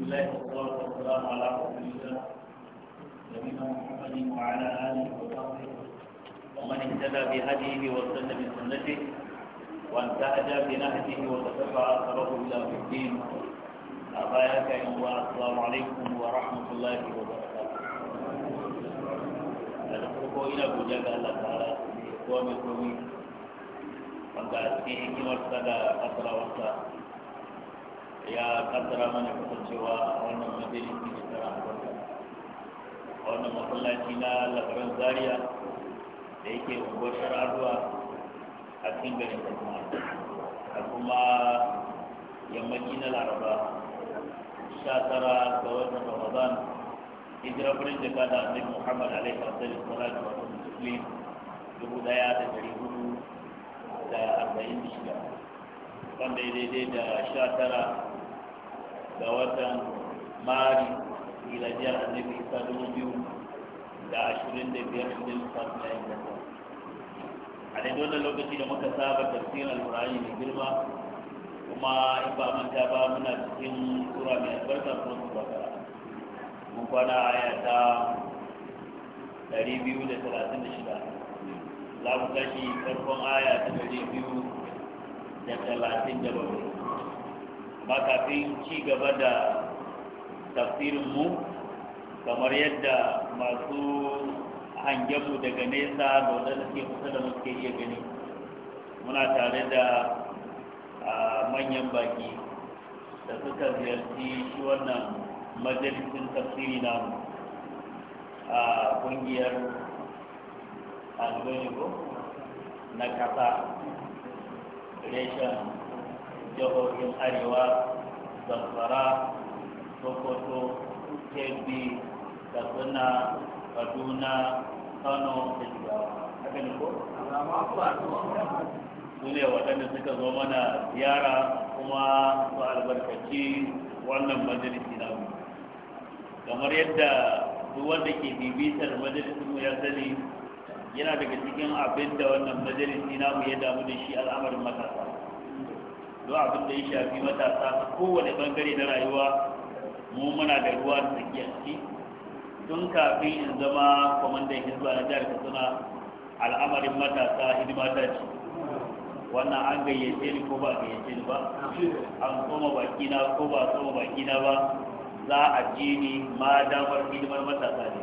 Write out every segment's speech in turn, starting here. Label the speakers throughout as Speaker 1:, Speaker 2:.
Speaker 1: بسم الله والصلاة والسلام على رسول الله نبينا محمد وعلى آله وصحبه ومن اهتدى بهديه وسلم بسنته وانتهج بنهجه وتتبع أثره إلى الدين أباياك يا السلام عليكم ورحمة الله وبركاته ko ina godiya ga Allah ta'ala ko mai komai wanda a cikin hikimarsa da kasarawarsa يا قدر من يكون سوى أون مدينة من يترى حضرتك أون مطلع تينا لبرن زاريا لكي أبوشر أدوى أكين بني تتمع أكما يمجين العربة شاترا دوزة رمضان إذ ربنا جكادا عندك محمد عليه الصلاة والسلام والسلام جهود آيات جريبه دا أربعين بشكا ga watan mari miladiyar annabi isa dubu biyu da ashirin da biyar da lissafin na yin gasa a daidai wannan lokaci da muka saba tafsirin alkurani mai girma kuma in ba manta ba muna cikin sura mai albarka ko su bakara mun kwana aya ta ɗari biyu da talatin da shida za mu tashi farkon aya ta ɗari biyu da talatin da bakwai makafin kafin ci gaba da tafsirinmu kamar yadda masu hangenmu daga nesa da wadanda suke kusa da muke iya gani muna tare da manyan baki da suka ziyarci shi wannan majalisun tafsiri mu a kungiyar albaiko na kasa reshen jihohin arewa zamfara sokoto kebbi katsina kaduna kano da jigawa haka ne ko? su ne waɗanda suka zo mana ziyara kuma su albarkaci wannan majalisi na mu kamar yadda duk wanda ke bibitar majalisin mu ya sani yana daga cikin abin da wannan majalisi na mu ya damu da shi al'amarin matasa zuwa abin da ya shafi matasa a kowane bangare na rayuwa mu muna da ruwa da tsaki a ciki tun kafin in zama kwamandan hizba na jihar katsina al'amarin matasa hidima ta ce wannan an gayyace ni ko ba gayyace ni ba an soma baki na ko ba soma baki na ba za a ji ni ma damar hidimar matasa ne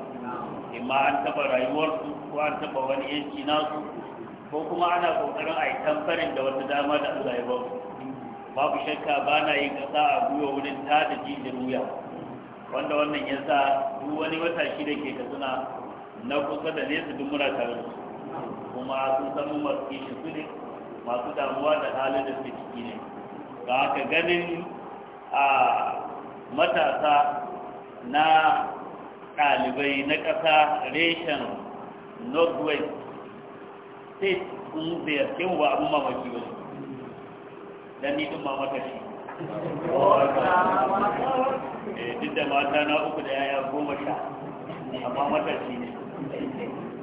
Speaker 1: imma an taba rayuwarsu ko an taba wani yanci nasu ko kuma ana kokarin a yi tamfarin da wata dama da Allah ya ba babu shakka ba na yin ƙasa a gwiwa wurin ta da da wuya wanda wannan ya sa duk wani matashi da ke kasuna na kusa da nesa duk muna tare da su kuma sun san masu kishi su ne masu damuwa da halin da suke ciki ne ga haka ganin a matasa na ɗalibai na ƙasa reshen northwest state sun ziyarce mu ba abin mamaki ba dan ni din ma maka shi eh duk da mata na uku da yaya goma sha amma mata shi ne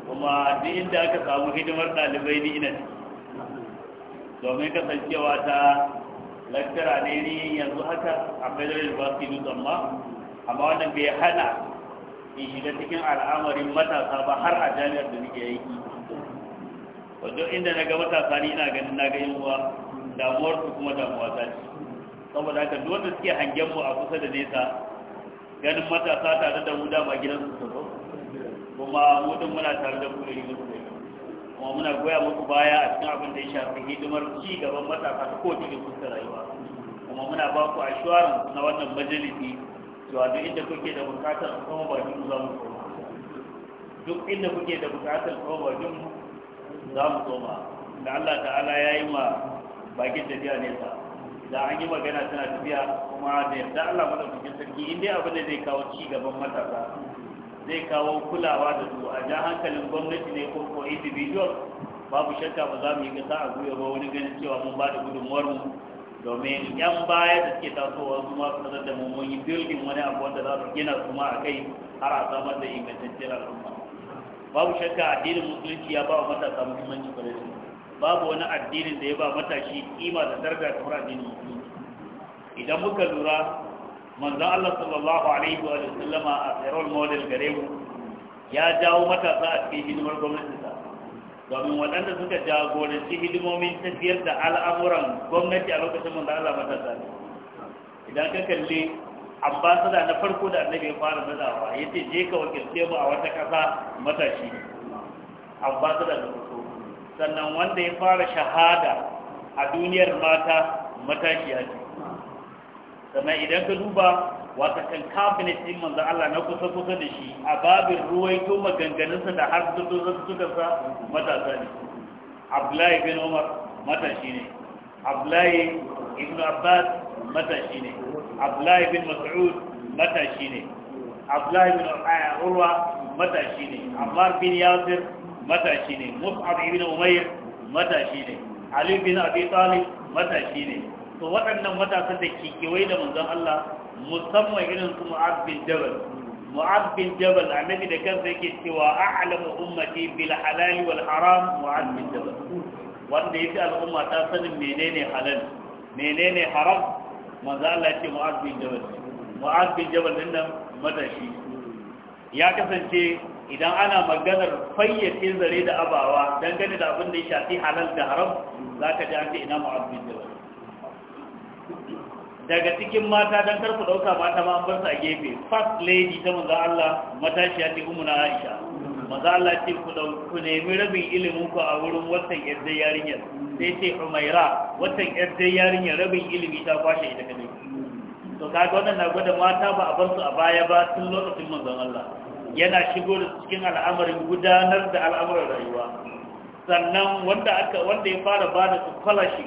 Speaker 1: kuma din inda aka samu hidimar ɗalibai ni ina domin kasancewa ta lakcara ne ni yanzu haka a federal university amma amma wannan bai hana in shiga cikin al'amarin matasa ba har a jami'ar da nake yi wato inda na ga matasa ni ina ganin na ga yin uwa damuwar su kuma damuwa ta ce saboda haka duk wanda suke hangen mu a kusa da nesa ganin matasa tare da mu dama gidan su tsoro kuma mu din muna tare da ku da yin su kuma muna goya muku baya a cikin abin da ya shafi hidimar ci gaban matasa ta kowace da kusa rayuwa kuma muna ba ku ashuwar na wannan majalisi cewa duk inda kuke da bukatar kuma ba mu za mu koma duk inda kuke da bukatar kuma ba mu za mu koma da Allah ta'ala ya yi ma bakin tafiya nesa da an yi magana tana tafiya kuma da yadda Allah kuke sarki in dai abin da zai kawo ci gaban matasa zai kawo kulawa da su a ja hankalin gwamnati ne ko ko individual babu shakka ba za mu yi kasa a gwiwa ba wani ganin cewa mun ba da gudunmuwar mu domin yan baya da suke tasowa su ma da mun yi building wani abu wanda za su gina su ma a kai har a samar da ingantacciyar al'umma babu shakka addinin musulunci ya ba wa matasa muhimmanci kwarai babu wani addinin da ya ba matashi kima da daraja kamar addinin musulunci idan muka lura manzan Allah sallallahu alaihi wa sallama a tsayar model gare mu ya jawo matasa a cikin hidimar gwamnati ta domin waɗanda suka jagoranci hidimomin tafiyar da al'amuran gwamnati a lokacin manzan Allah matasa ne idan ka kalli ambasada na farko da annabi ya fara nazawa ya ce je ka wakilce mu a wata ƙasa matashi ambasada na farko sannan wanda ya fara shahada a duniyar mata matashiya ce sannan idan ka duba wata kan cabinet din manzo Allah na kusa kusa da shi a babin ruwaito maganganunsa da har suka sa matasa ne Abdullahi bin Umar matashi ne Abdullahi ibn Abbas matashi ne Abdullahi bin Mas'ud matashi ne Abdullahi bin eh, Urwa matashi ne Ammar bin Yasir matashi ne mus'ab ibn umayr matashi ne ali bin abi talib matashi ne to waɗannan matasan da ke kewaye da manzon Allah musamman irin su mu'ab bin jabal mu'ab bin jabal annabi da kansa yake cewa a'lamu ummati bil halal wal haram mu'ab bin jabal wanda yake al'umma ta sanin menene halal menene haram manzo Allah ya ce mu'az bin jabal mu'az bin jabal din nan matashi ya kasance idan ana maganar fayyace zare da abawa dangane da abin da ya shafi halal da haram za ka ji an ce ina mu'abbin da daga cikin mata don karku ɗauka mata ma an a gefe first lady ta maza Allah matashiya ce umu na Aisha maza Allah ce ku nemi rabin ilimin ku a wurin watan yadda yarinyar sai ce umaira watan yadda yarinyar rabin ilimi ta kwashe ita kadai to kaga wannan na gwada mata ba a bar su a baya ba tun lokacin manzon Allah yana shigo da cikin al'amarin gudanar da al'amuran rayuwa sannan wanda aka wanda ya fara bada da kwalashi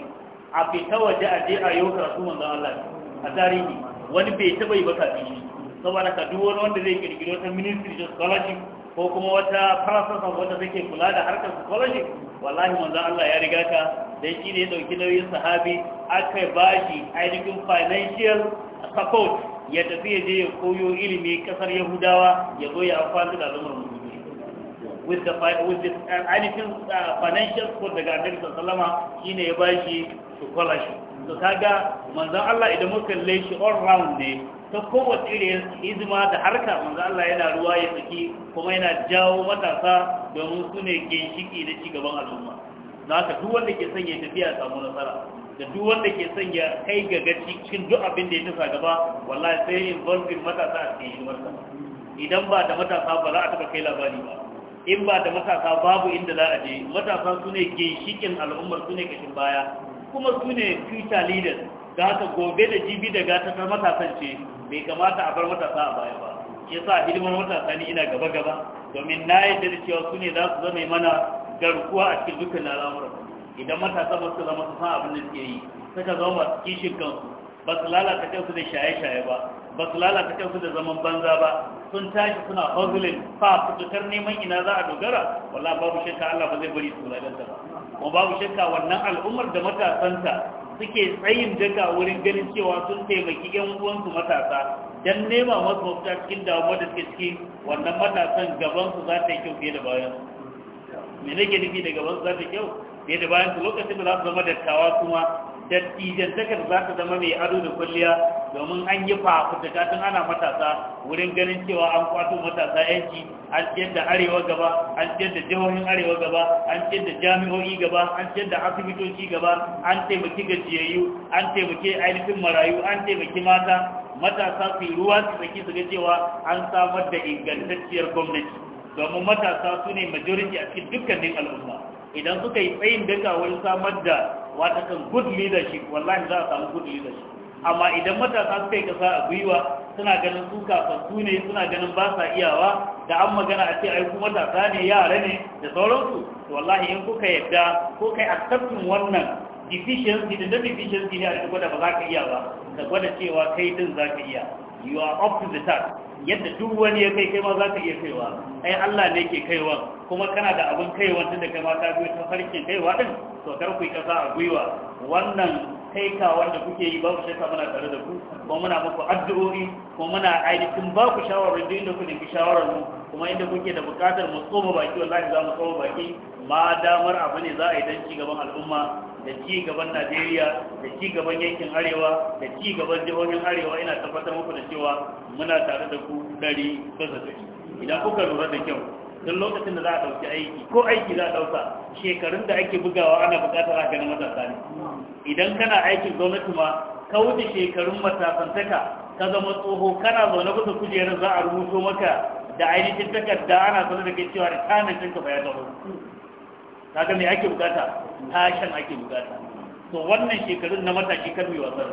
Speaker 1: a fita waje a je a yau karatu manzon Allah a tarihi wani bai taba yi ba kafin shi saboda ka duk wani wanda zai kirkiro ta ministry of scholarship ko kuma wata farasasa wanda take kula da harkar scholarship wallahi manzan Allah ya riga ka dai shi ne ya dauki nauyin sahabi aka bashi ainihin financial support ya tafi ya je ya koyo ilimi kasar yahudawa ya zo ya amfani da al'ummar musulmi with the with the uh, anything uh, financial support daga annabi sallama shine ya bashi scholarship to kaga manzon Allah idan muka shi all round ne ta kowace irin da harka manzon Allah yana ruwa ya saki kuma yana jawo matasa domin su ne ginshiki da cigaban al'umma za haka duk wanda ke son ya tafiya samu nasara da duk wanda ke son ya kai ga gaci cikin duk abin da ya tafa gaba wallahi sai in involving matasa a cikin shimarsa idan ba da matasa ba za a taɓa kai labari ba in ba da matasa babu inda za a je matasa su ne ginshikin al'ummar su ne kashin baya kuma su ne future leaders da haka gobe da jibi da gata ta matasan ce bai kamata a bar matasa a baya ba ke sa hidimar matasa ni ina gaba gaba domin na yadda da cewa su ne za su zama mana garkuwa a cikin dukkan al'amuran idan matasa ba su zama su san abin da suke yi suka zama masu kishin kansu ba su lalata kansu da shaye-shaye ba ba su lalata kansu da zaman banza ba sun tashi suna hustling fa tutar neman ina za a dogara wala babu shakka Allah ba zai bari su lalata ba kuma babu shakka wannan al'ummar da matasanta suke tsayin daga wurin ganin cewa sun taimaki yan uwansu matasa dan nema masu mafita cikin damuwa da suke ciki wannan matasan gaban su za ta yi kyau fiye da bayan me nake nufi da gaban su za ta yi kyau da bayan su lokacin da za su zama dattawa kuma dattijan takarda za ta zama mai ado da kwalliya domin an yi fafutuka tun ana matasa wurin ganin cewa an kwato matasa yanki an ciyar da arewa gaba an ciyar da jihohin arewa gaba an ciyar da jami'o'i gaba an ciyar da asibitoci gaba an taimaki gajiyayyu an taimaki ainihin marayu an taimaki mata matasa su yi ruwa su saki su ga cewa an samar da ingantacciyar gwamnati domin matasa su ne majority a cikin dukkanin al'umma idan suka yi tsayin daga wani samar da watakan good leadership wallahi za a samu good leadership amma idan matasa suka yi kasa a gwiwa suna ganin su kafasu ne suna ganin ba sa iyawa da an magana a ce aiku matasa ne yara ne da sauransu to wallahi in kuka yadda ko kai accepting wannan deficiency da da deficiency ne a duk da ba za ka iya ba ka gwada cewa kai din za ka iya you are up to the task yadda duk wani ya kai kai ma za ka iya kaiwa ai Allah ne ke kaiwa kuma kana da abin kaiwa tun da kama biyu ta farkin kaiwa din to kar ku yi kasa a gwiwa wannan kaika wanda kuke yi ba ku shaka muna tare da ku kuma muna muku addu'o'i kuma muna ainihin ba ku shawarar duk inda ku nemi shawarar mu kuma inda kuke da bukatar mu tsoma baki wallahi za mu tsoma baki ma damar abu ne za a yi don ci gaban al'umma da ci gaban Najeriya da ci gaban yankin Arewa da ci gaban jihohin Arewa ina tabbatar muku da cewa muna tare da ku dari bisa dari idan kuka lura da kyau don lokacin da za a ɗauki aiki ko aiki za a ɗauka shekarun da ake bugawa ana buƙatar a ganin matasa ne idan kana aikin gwamnati ma ka wuce shekarun matasantaka ka zama tsoho kana zaune kusa kujerar za a rubuto maka da ainihin takarda ana sanar da kai cewa da kanin ɗinka ba ya zama kaga me ake bukata tashin ake bukata to wannan shekarun na matashi kan mai wasan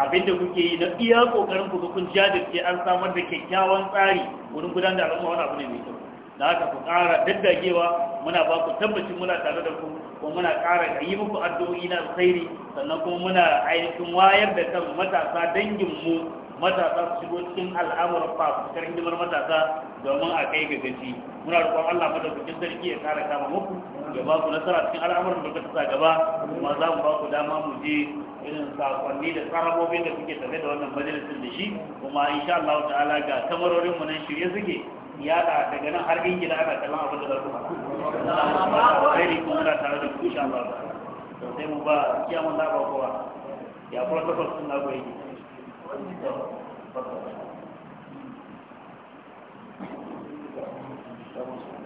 Speaker 1: abinda kuke yi na iya kokarin ku kun jajirce an samar da kyakkyawan tsari wurin gudanar da al'umma wani abu ne mai kyau da haka ku ƙara daddagewa muna ba ku tabbacin muna tare da ku kuma muna ƙara yi muku addu'o'i na sairi sannan kuma muna ainihin wayar da kan matasa dangin mu matasa su shigo cikin al'amuran fa su hidimar matasa domin a kai ga gaci muna roƙon Allah madaukakin sarki ya kare kama muku ya ba ku nasara cikin al'amuran da kuka gaba kuma za mu ba ku dama mu je irin sakonni da tsarabobin da suke tafe da wannan majalisin da shi kuma insha Allah ta'ala ga kamarorin mu nan shirye suke yada da ganin har ingila ana kallon abin da za ku faɗa sai ne kuma tare da kusha ba to sai mu ba kowa ya na goyi
Speaker 2: Thank you.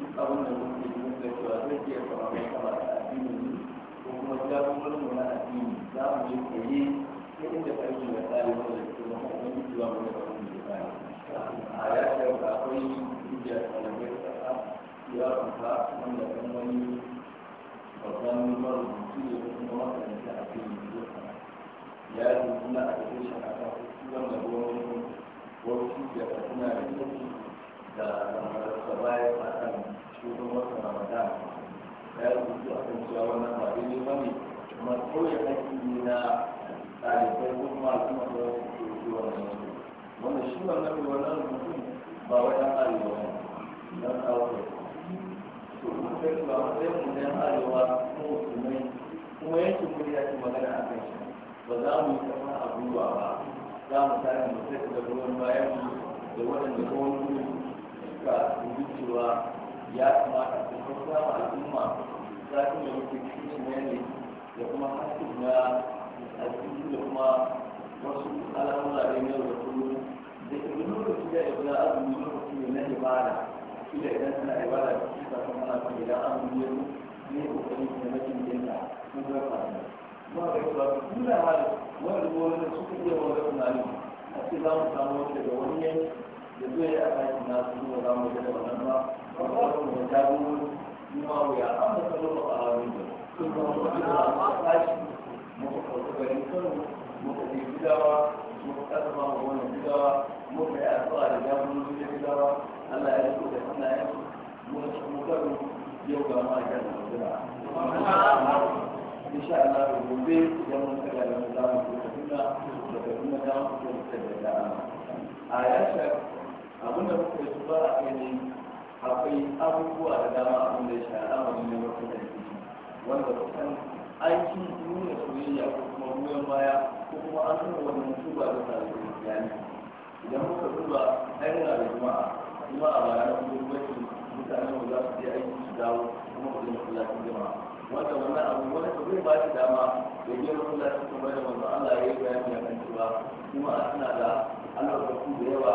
Speaker 2: duk abin da kuke yi da cewa zai iya fara mai kama da addini ne ko kuma jagoran mu na addini za yi koyi ta inda ƙarfi yi a ya ce ba akwai jiya ɗalibai ƙasa ya rufa wanda kan wani babban marubuci ne kuma makaranta da da bayan akan shugaban wasu ramadan da ya rubutu a kan cewa wannan ba dai ba ne kuma kawai haƙƙi ne na ɗalibai ko kuma al'umma da wasu ke yi wannan su Wannan shi wannan mai wannan rubutun ba wai ɗan arewa ne ɗan kawai to kuma sai ba matsayin mu na arewa ko musulmai kuma yankin mu ya ce magana a kan shi ba za mu yi kama a gwiwa ba za mu tare mu sai da ruwan bayan mu da waɗanda kawai suka dubi cewa ya kamata su kauta wa al'umma su yi muke cikin yanayi da kuma hakkin na al'umma da kuma wasu al'amura da yau da kuma da ke wani lokaci da ya guda azumi lokaci ne na ibada shi da idan suna ibada da su kuma ana kan idan azumi ya ne kokari da mafi jinta sun zai fara kuma da yau ba yi hali wani kuma da suka iya wani tunanin a ce za mu samu wani daga wani yanki da zuwa ya aiki na su ne za mu da wannan ba ba ba mu da jago ma wuya an da kallon ba a wani da sun ba mu da ma tashi muka kauta garin kano muka je gidawa muka kasa ma wannan gidawa muka yi addu'a da jago da gidawa Allah ya riko da hannayen mu mu karo yau ga ma ga da gidawa insha Allah da gobe idan mun kaga da zamu ko kaduna da kaduna da mu ko da ya shafi abin da muka su ba a kai akwai abubuwa da dama abin da ya shi al'amarin ne wata da ke wanda kusan aikin nuna soyayya ko kuma goyon baya ko kuma an nuna wani mutu ba da tare da iyali idan muka duba ainihin da juma'a juma'a ba na kuma gwamnati mutane za su je aiki su dawo kuma ku zai masallacin jama'a wanda wannan abu wani ba zai ba shi dama da ke masallacin kuma da manzo Allah ya yi bayani a kan cewa a suna da Allah da yawa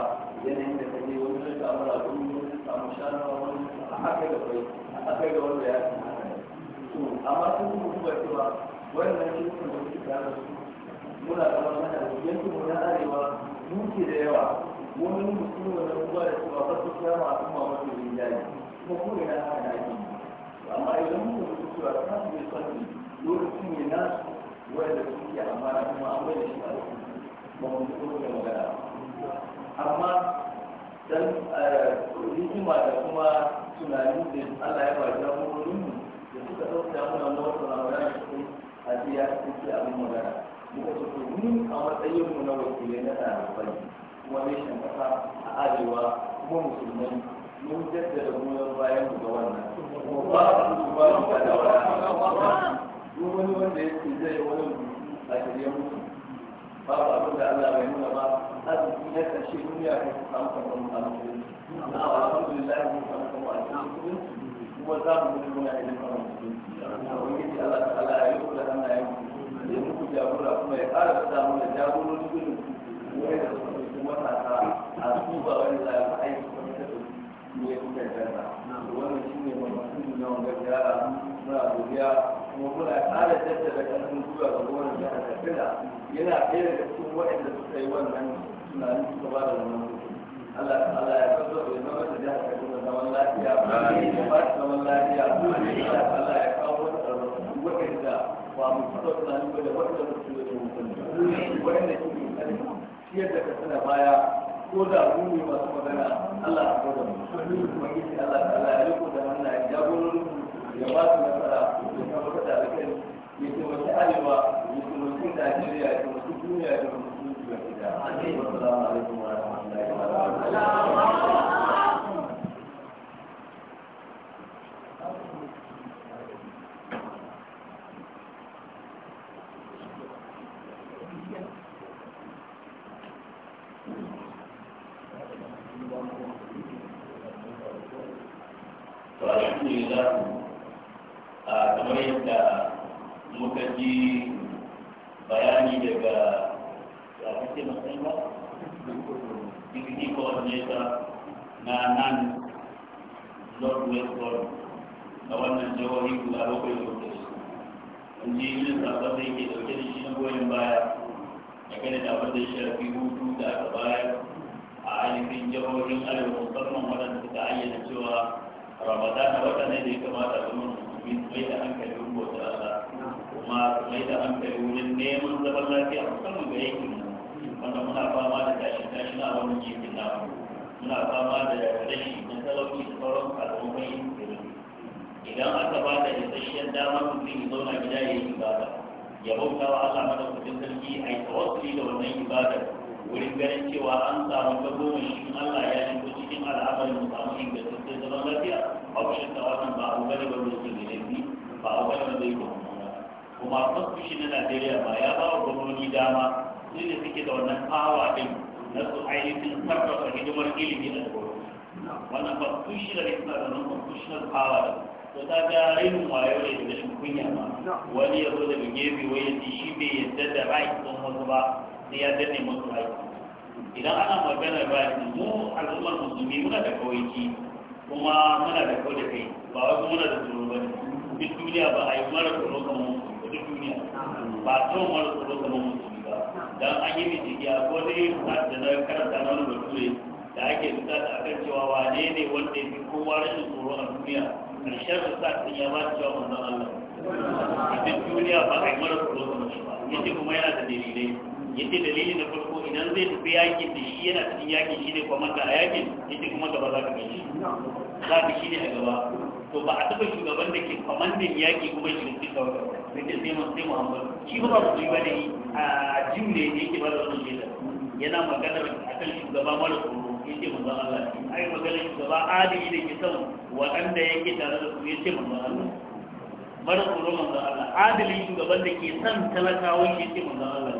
Speaker 2: yanayin da kaje wani zai samu rabu wani zai samu shanawa wani a haka da kai a haka da wanda ya san to amma sun kuma duba cewa wannan shi kuma da suke da su muna zama mana yankin mu na arewa duke da yawa wani mutum wani ruwa da cewa ba su kiyama a kuma wani rinjaye kuma kuma yana haka na yi amma idan mun mutu cewa ta su bai son lokacin ne nasu wanda suke amma kuma an bai da shi a lokacin ba mu mutu da magana ba dan eh, hikima da kuma tunani da Allah ya ba da mu da suka dauka muna mu wata a cikin hadiya cikin abin magana muka ce to mun a matsayin mu na wakilai na ɗalibai kuma reshen ƙasa a arewa kuma musulmai mun jaddada goyon bayan mu ga wannan kuma ba su ba mu da wani duk wani wanda yake zai wani a shirye mutu babu abin da Allah bai nuna ba arziki na ƙarshe duniya ko su samu kamar musamman amma a alhamdulillah mun samu kamar musamman kuma za mu mutu muna idan kamar musamman wani Allah ta Allah ya yi kula Allah ya yi ya muku jagora kuma ya ƙara fita mana jagorori gudun wani da suka fi matasa a tuba wani za a yi aiki kuma ta ɗauki ne kuka jarra wannan shi ne mamaki na wanda yara muna godiya kuma muna ƙara jaddada ƙarfin zuwa ga gonar jihar katsina yana ɗaya da cikin waɗanda suka yi wannan tunanin suka ba da wannan Allah Allah ya kaso da zama da jihar katsina zaman lafiya ya ba shi zaman lafiya Allah Allah ya kawo wata ƙarfin waɗanda ba mu taɓa tunanin ba da waɗanda su yi da mutum waɗanda ke ƙarfi shi yadda katsina baya ko da mu masu magana Allah ya kawo da mu kuma Allah Allah ya riko da hannaye jagororin ya ba su nasara ya tabbata da alkhairi ya taimaki arewa ya taimaki najeriya ya taimaki duniya ya taimaki duniya gida wasu alaikum wa rahmatullahi wa barakatuh coordinator na nan lord west board na wannan jihohi guda bakwai da kuke su in ji nisa sabon da yake dauke da shi na goyon baya
Speaker 1: da gane da abin ya shafi hutu da aka bayar a ainihin jihohin arewa musamman waɗanda suka ayyana cewa ramadan na wata ne da ya kamata a zama musulmi su mai da hankali wurin bauta Allah kuma su mai da hankali wurin neman zaman lafiya
Speaker 2: musamman ga yankin wanda muna fama da tashin tashin na wani gefen muna fama da rashi na talabi da sauran al'ummai yanzu idan aka ba da
Speaker 1: isasshen dama mutum ya zauna gida ya yi ibada ya bauta wa Allah madaukakin sarki a yi tawassuli da wannan ibada wurin ganin cewa an samu gagoma shi Allah ya ko cikin al'amarin mu samu ingantaccen zaman lafiya a kushin da wannan ba abu bane ba zai ke laifi ba abu bane ba zai kuma kuma na Najeriya ba ya ba wa gwamnoni dama su ne suke da wannan awa din na su ainihin farfasa hidimar ilimi na gobe wannan constitutional is not an constitutional da to ta ga rainin wayo ne da shi kunya ba wani ya zo da gefe wai ya ce shi bai yadda da right ɗin wasu ba sai ya danne musu right idan ana magana ba mu al'ummar musulmi muna da kawai kuma muna da kawai da kai ba wai kuma muna da tsoro ba ne duk duniya ba a yi mara tsoro kamar musulmi duniya ba a tsoro mara tsoro kamar musulmi dan an yi bincike a ko dai da na karanta na wani bature da ake bukata a kan cewa wane ne wanda ya fi kowa rashin tsoro a duniya ƙarshen research ɗin ya ba ta cewa manzon Allah a cikin duniya ba a yi mara tsoro ba yace kuma yana da dalilai yace dalili na farko idan zai tafi yakin da shi yana cikin yakin shi ne kuma a yakin yace kuma gaba za ka gani za ka shi ne a gaba to ba a taɓa shugaban da ke kwamandin yaƙi kuma shirki kawai da ke sai mun sai muhammadu shi ba su yi ba ne a jim ne da yake ba da wannan shaidar yana magana a kan shugaba mara tsoro ya ce manzon Allah ai magana shugaba adili da ke son waɗanda yake tare da su ya ce manzon Allah mara tsoro manzon Allah adili shugaban da ke son talakawa ya ce manzon Allah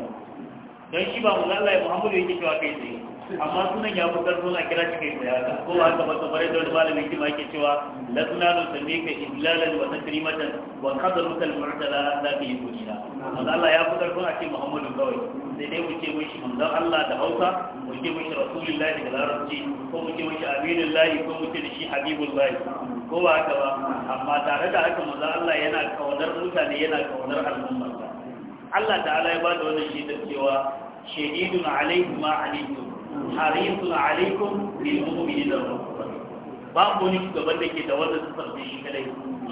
Speaker 1: don shi ba manzon Allah ya muhammadu yake cewa kai tsaye amma sunan ya fi karfin a kira shi kai mai haka ko haka ba kamar yadda wani malamin kima ke cewa na suna nun sanne ka da wa tasrimatan wa qadaru rukar mu'tala da ka yi amma Allah ya fi karfin a ce Muhammadu kawai sai dai muke ce mun shi manzon Allah da Hausa muke ce mun shi Rasulullahi da Larabci ko muke ce mun shi Aminullahi ko muke da shi lahi ko ba haka ba amma tare da haka manzon Allah yana kaunar mutane yana kaunar al'umma Allah ta'ala ya ba da wannan da cewa shahidun alaihi ma alaihi harisun alaikum bil mu'minin da babu wani shugaban da ke da wanda su sarfe shi kadai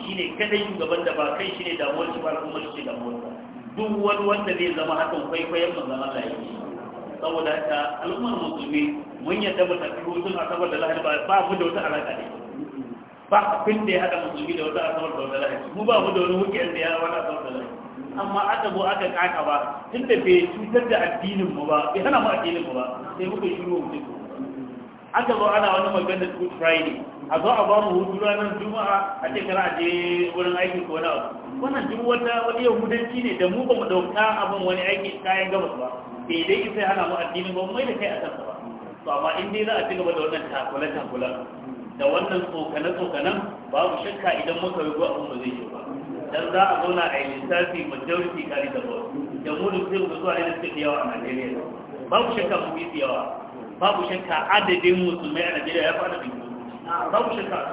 Speaker 1: shi ne kadai shugaban da ba kai shi ne damuwar shi ba kuma shi ne damuwar duk wani wanda zai zama hakan kwaikwayon mu zama ya saboda al'ummar musulmi mun yadda mu tafi hutun a saboda lahani ba mu da wata alaƙa ne ba abin da ya haɗa musulmi da wata asabar da wata lahadi mu ba mu da wani hukiyar da ya wata asabar da lahadi amma aka zo aka kaka ba tun da bai cutar da addinin mu ba bai hana mu addinin mu ba sai muka shiru mutum aka zo ana wani maganar good friday a zo a ba mu hutu ranar juma'a a ce kara je wurin aikin ko na wannan duk wata wani yahudanci ne da mu ba mu dauka abin wani aiki kayan gabas ba bai dai sai hana mu addinin ba mai da kai a kansa ba to amma in dai za a ci gaba da wannan takula takula da wannan tsokane-tsokanen babu shakka idan muka yi ruwa abin ba zai yi ba dan za a zauna a yi lissafi majority kari da ba jamhurin sai ga zuwa yana suke yawa a najeriya babu shakka mu yi yawa babu shakka adadin musulmai a najeriya ya fada da babu shakka a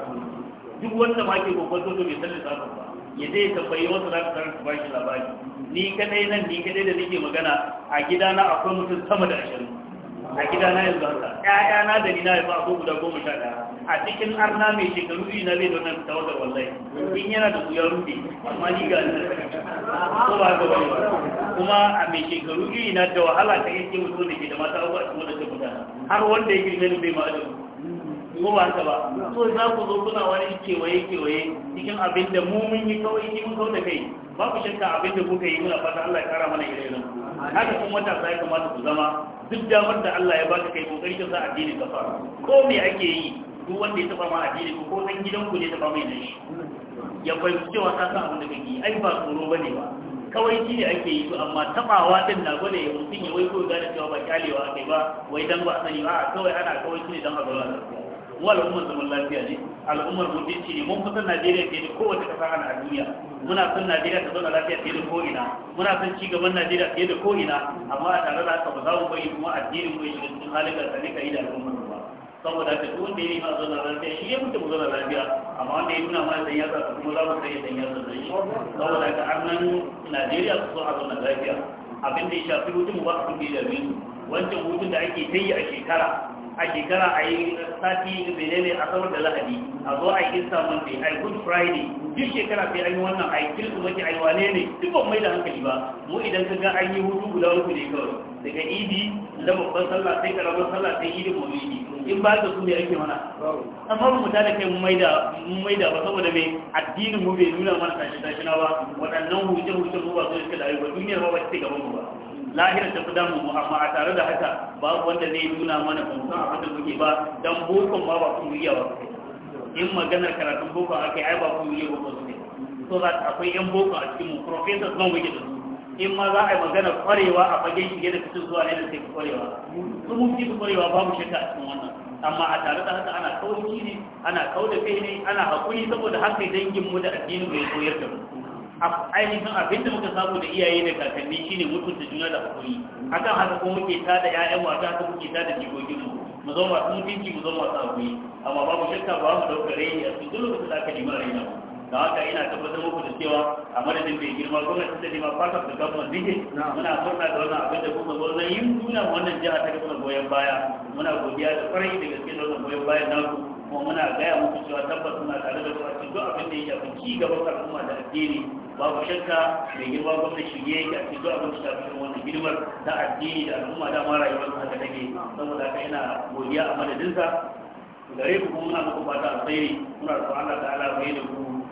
Speaker 1: duk wanda ma ke gobe da bai san sa ba ya zai tambayi wasu za su karanta bashi labari ni kadai nan ni kadai da nake magana a gidana akwai mutum sama da ashirin a gidana yanzu haka ƴaƴana da ni na haifa ko guda goma sha ɗaya a cikin arna mai shekaru yi na zai ta tawagar wallai in yana da ya rufe amma ni ga ko ba haka wani kuma a mai shekaru yi na da wahala ta yake mutum da ke da mata uku a cikin wadda ta har wanda ya girme ni bai ma'ajabu ko ba haka ba so za ku zo kuna wani kewaye kewaye cikin abin da mu mun yi kawai ki mun kauda kai ku shakka abin da kuka yi muna fata Allah ya kara mana ire-iren haka kuma ta sai kamata ku zama duk damar da Allah ya baka kai kokari ka sa addini ka fara ko me ake yi duk wanda ya taba ma addini ko dan gidan ku ne taba mai da shi ya ku cewa ta san abin da kake ai ba tsoro bane ba kawai shi ne ake yi to amma tabawa din na gole ya mutum ya wai ko gane cewa ba kyalewa kai ba wai dan ba sani ba kawai ana kawai shi ne dan a zauna lafiya mu al'ummar zaman lafiya ne al'ummar mutunci ne mun fi san Najeriya fiye da kowace kasa a duniya muna son Najeriya ta zauna lafiya fiye da ko'ina muna son ci gaban Najeriya fiye da ko'ina amma a tare da haka ba za mu bari kuma addinin mu ya shiga cikin halin da ka yi da al'ummar saboda ta duk wanda ya yi ma zauna lafiya shi ya mutu mu zauna lafiya amma wanda ya nuna ma dan yasa kuma za mu sai dan zanyar da shi saboda ka annan Najeriya su so a zauna lafiya abin da ya shafi hutun ba su ke da biyu wancan hutun da ake ta yi a shekara a shekara a yi sati menene a samar da lahadi a zo a yi easter monday a yi good friday duk shekara sai an yi wannan a yi kirkumaki a yi wane ne duk ban mai da hankali ba mu idan ka ga an yi hutu guda uku ne kawai daga idi da babban sallah sai karamar sallah sai idi maulidi in ba ka su ne ake mana amma mu ta da kai mun maida ba saboda mai addinin mu bai nuna mana tashi tashi na ba waɗannan hujjar hujjar mu ba su suka dawo ba duniyar ba ba ta gaban mu ba lahira ta fi damu amma a tare da haka ba wanda zai nuna mana kuma a wanda muke ba dan bokon ba ba ku yi ba in maganar karatun boko aka yi ai ba ku yi ba ku ne so za akwai yan boko a cikin mu professor ban wuke da su in ma za a yi magana kwarewa a fagen shige da kusur zuwa ne da sai kwarewa su mun fi kwarewa babu shakka a cikin wannan amma a tare da haka ana kauci ne ana kau da kai ne ana hakuri saboda haka dangin mu da addini bai koyar da mu ainihin abinda muka samu da iyaye da kakanni shine mutunta juna da hakuri akan haka kuma muke da ƴaƴan wata haka muke da jikokinmu mu zo masu mutunci mu zo masu hakuri amma babu shakka ba mu daukare rai a cikin lokacin da aka nemi raina mu da haka ina tabbatar muku da cewa a madadin mai girma gwamnati ta nema part da the government ne muna furta da wannan abin da kuma zo zan yi nuna wannan jiha ta kuma goyon baya muna godiya da kwarai da gaske da wannan goyon bayan naku kuma muna gaya muku cewa tabbas muna tare da ku a cikin duk abin da ya shafi ci gaban al'umma da addini babu shakka mai girma gwamnati shige yake a cikin abin da shafi wannan girmar da addini da al'umma da ma rayuwar haka take saboda haka ina godiya a madadinsa gare ku kuma muna muku fata alkhairi muna roƙon Allah ta'ala bai da ku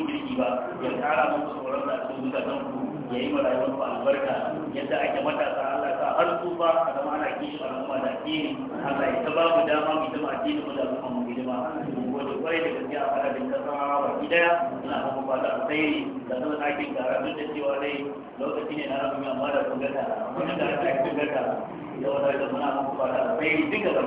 Speaker 1: mutum kirki ba ya kara tsoron da ku ya yi wa rayuwar ku albarka yadda ake matasa Allah ta har tsufa a zama ana kishi da Allah ya ta dama mu zama mu da al'umma mu hidima mu kwarai da gaskiya a faradin kasa ba da alkhairi da zama ɗakin gara duk da cewa dai lokaci ne na amma da kun gata wani da ake kun gata yau da da muna ba da alkhairi duka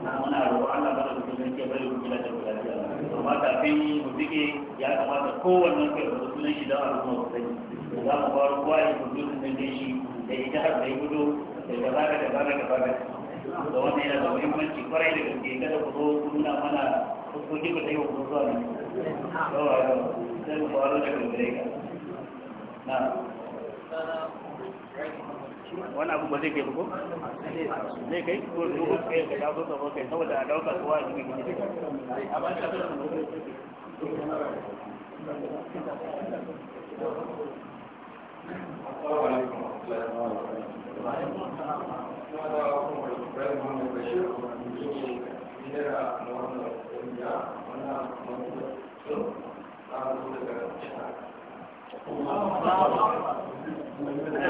Speaker 1: muna roƙon Allah ba da ke bari gida da kamata kafin mu bige ya kamata kowanne kai da sunan shi da al'umma su sani za mu bar kowa ya mutu sunan da shi da ita har da gudu da gabara da gabara da gabara da da wannan yana da muhimmanci kwarai da gaske kada ku zo ku nuna mana
Speaker 2: kuskoki ku sai ku zuwa ne yawa yawa sai mu faro da gaske na wani abu ba zai kai ko zai kai ko dubu kai ka dawo
Speaker 1: ka kai saboda a dauka kowa a cikin gidi
Speaker 2: Thank you.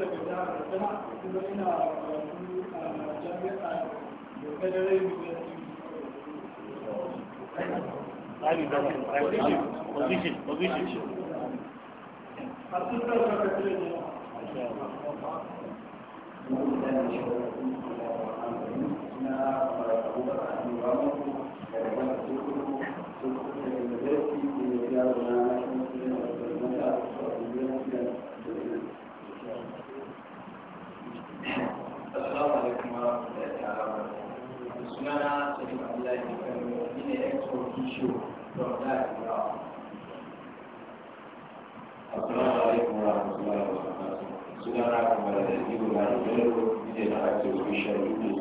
Speaker 2: daga jihar katsina kuma ina a jami'a da federal university position ciwo to na ya da Ibu na na ake official unit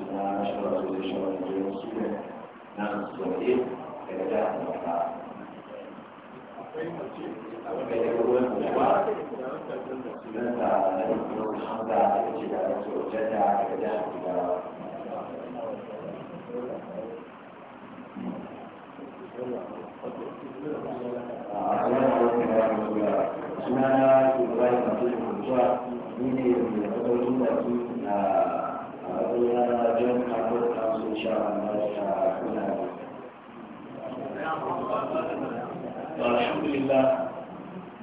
Speaker 2: mutuwa ne a matsayin na john harvard council sha a kuna alhamdulillah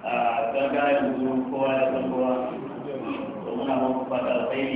Speaker 1: ah, a yanzu kowa ya san kowa to muna mun fata alkhairi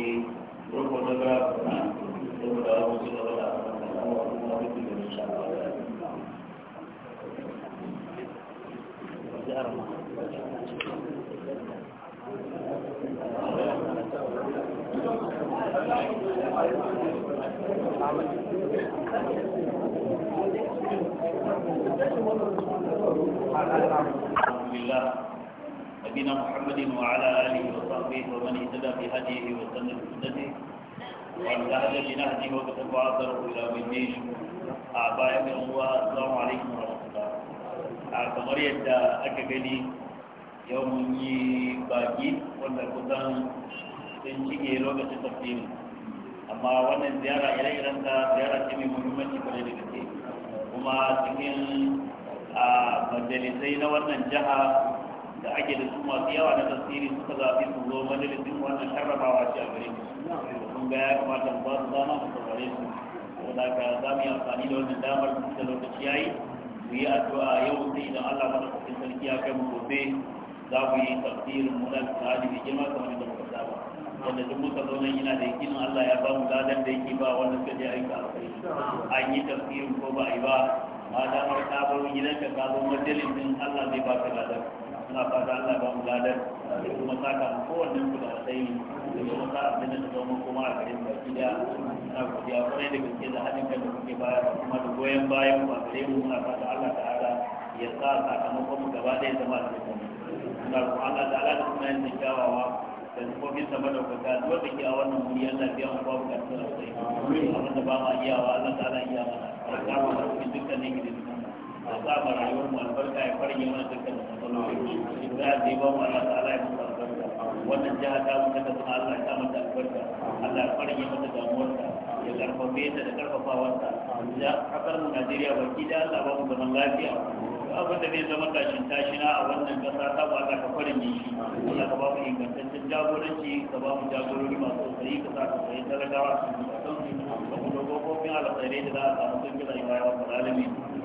Speaker 1: محمد وعلى آله وصحبه ومن اهتدى بهديه وسن بسنته وأن ذهب بنهجه وكتب آثره إلى يوم الدين أعطاه من الله السلام عليكم ورحمة
Speaker 2: الله أعطى مريم دا
Speaker 1: أكبري يوم باقي وأن كنتم تنشيك يلوك تتقديم أما وأن الزيارة إلي رنسى زيارة تمي مهمة كل وما تكين آه، مجلسين وأن الجهة da ake da su masu yawa na tasiri suka zafi su zo majalisin wannan sharrafawa ce a gare mu mun ga ya kamata mu ba su dama mu saurare su saboda ka za mu yi amfani da wannan damar mu da lokaci yayi mu yi addu'a yau sai idan Allah madaukakin sarki ya kai mu gobe za mu yi tafsirin mu da ta hadi mai girma kamar yadda muka saba wanda duk muka zo nan yana da yakin, Allah ya ba mu ladan da yake ba wanda suka je aika alkhairi an yi tafsirin ko ba a yi ba ma damar ta baro gidanka ka zo majalisin Allah zai baka ladan na fata Allah ba mu ladar da kuma saka mu kowannen ku da alkhairi da kuma sa abin da zama kuma a garin baki da na godiya kwarai da gaske da hadin kan da kuke bayar kuma da goyon bayan ku a gare mu na fata Allah ta'ala ya sa sakamakon mu gaba ɗaya zama da kuma na ku Allah ta'ala da kuma yin kyawawa da zubobin sa madaukaka duk da ke a wannan wuri Allah biya mu babu da alkhairi abin da ba ma iyawa Allah ta'ala iya mana da kama mu cikin dukkanin gidan ya sa ma rayuwar mu albarka ya fara farge mana dukkan matsaloli za a zai ba mu Allah ta'ala ya mutu albarka wannan jiha ta mu ta zama Allah ya sa mata albarka Allah ya fara farge mata damuwarta ya karfafe ta da karfafawarta ya kasar mu Najeriya baki da Allah ba mu zaman lafiya abin da zai zama tashin tashina a wannan kasa ta ba ta kafarin yi shi Allah ka ba mu ingantaccen jagoranci ka ba mu jagorori masu tsayi ka sa ka tsayi talakawa su mutu a kan su da kuma dogon kofin alkhairai da za a samu sun gina ibaya wa alalami